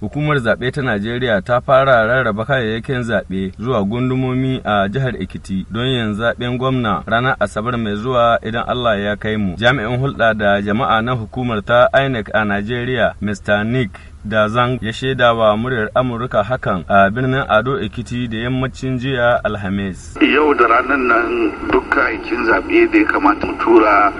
Hukumar zaɓe ta Najeriya ta fara rarraba kayayyakin zaɓe zuwa gundumomi a jihar Ekiti don yin zaɓen gwamna ranar Asabar mai zuwa idan Allah ya kai mu. Jami'in hulɗa da jama'a na hukumar ta INEC a Najeriya, Mr. Nick da zan ya shaida wa muryar amurka hakan a birnin ado ekiti da yammacin jiya alhamis yau da ranar nan duk aikin zaɓe da ya kamata mu tura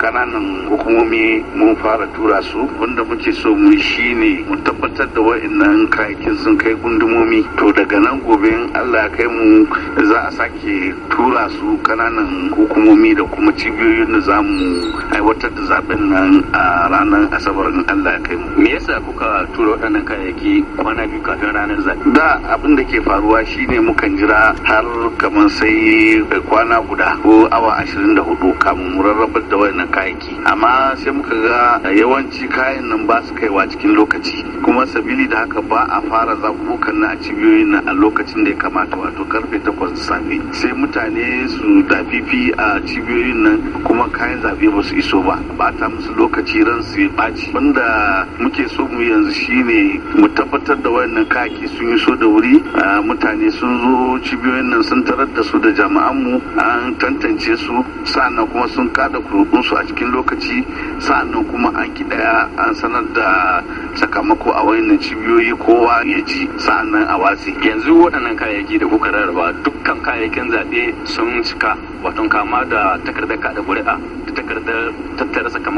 kananan hukumomi mun fara tura su wanda muke so mu shi ne mu tabbatar da wa'annan kayakin sun kai gundumomi to daga nan gobe allah kai mu za a sake tura su kananan hukumomi da kuma cibiyoyin da za mu aiwatar da zaɓen nan a ranar asabar allah kai mu me yasa kuka tura waɗannan kayayyaki kwana biyu kafin ranar zaɓe da abin da ke faruwa shine mukan jira har kamar sai kwana guda ko awa ashirin da hudu kamun mu rarrabar da waɗannan kayayyaki amma sai muka ga yawanci kayan nan ba su kaiwa cikin lokaci kuma sabili da haka ba a fara zaɓuɓɓukan na a cibiyoyin nan a lokacin da ya kamata wato karfe takwas da safe sai mutane su dafifi a cibiyoyin nan kuma kayan zaɓe ba su iso ba ba ta musu lokaci ran su ya ɓaci wanda muke so mu yanzu Shi ne mu tabbatar da wayannan kaki sun yi so da wuri mutane sun zo cibiyoyin nan sun tarar da su da mu an tantance su sa'annan kuma sun kada kurkunsu a cikin lokaci sa'annan kuma an kidaya an sanar da sakamako a wayannan cibiyoyi kowa ya ji sa'annan a watsi yanzu waɗannan kayayyaki da kuka rarraba dukkan kayayyakin zaɓe sun cika wato kama da takardar kada ƙuri'a da takardar tattara sakamako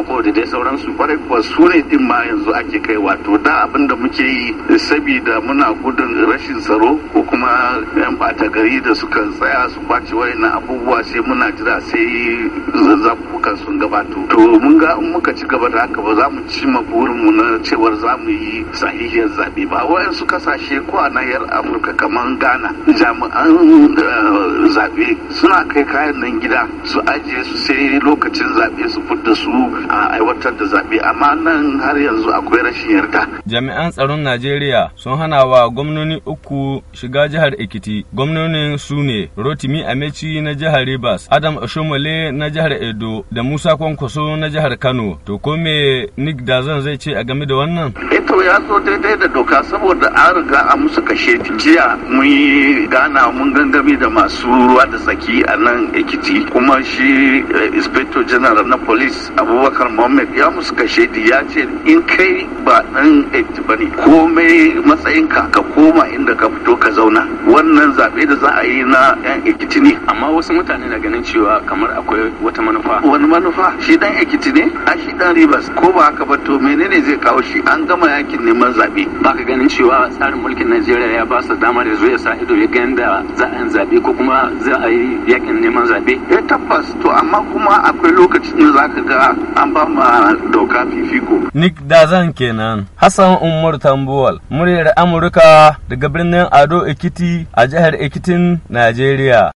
sauransu kwarai kuwa su ne din ma yanzu ake kai wato da abin da muke yi sabida muna gudun rashin tsaro ko kuma yan bata gari da suka tsaya su kwace na abubuwa sai muna jira sai zazzabukan sun gabato to mun ga in muka ci gaba da haka ba za mu ci mu na cewar za mu yi sahihiyar zaɓe ba wayansu kasashe ko a nahiyar amurka kamar ghana jami'an eh, zaɓe suna kai kayan nan gida su ajiye su sai lokacin zaɓe su fitar su a aiwata. cancanta zaɓe amma nan har yanzu akwai rashin yarda. Jami'an tsaron Najeriya sun hana wa gwamnoni uku shiga jihar Ekiti. Gwamnonin su ne Rotimi Amechi na jihar Rivers, Adam Oshomole na jihar Edo da Musa Kwankwaso na jihar Kano. To ko me Nick Dazan zai ce a game da wannan? Eh, to ya zo daidai da doka saboda an riga a musu kashe jiya mun yi gana mun gangami da masu ruwa da tsaki a nan ekiti kuma shi eh, inspector general na police abubakar mohammed ya musu kashe ya ce in kai ba dan ekiti bane komai matsayinka ka koma inda ka fito ka zauna wannan zaɓe da za a yi na yan ekiti ne amma wasu mutane na ganin cewa kamar akwai wata manufa wani manufa shi dan ekiti ne a shi dan rivers ko ba haka ba to menene zai kawo shi an gama ya hakkin neman zaɓe ba ka ganin cewa tsarin mulkin najeriya ya ba su damar ya zo ya sa ido ya gani da za a yi zaɓe ko kuma za a yi yakin neman zaɓe ya eh, tabbas to amma kuma akwai lokacin da za ka ga an ba ma doka fifiko nick dazan kenan hassan umar tambuwal muryar amurka daga birnin ado ekiti a jihar ekitin najeriya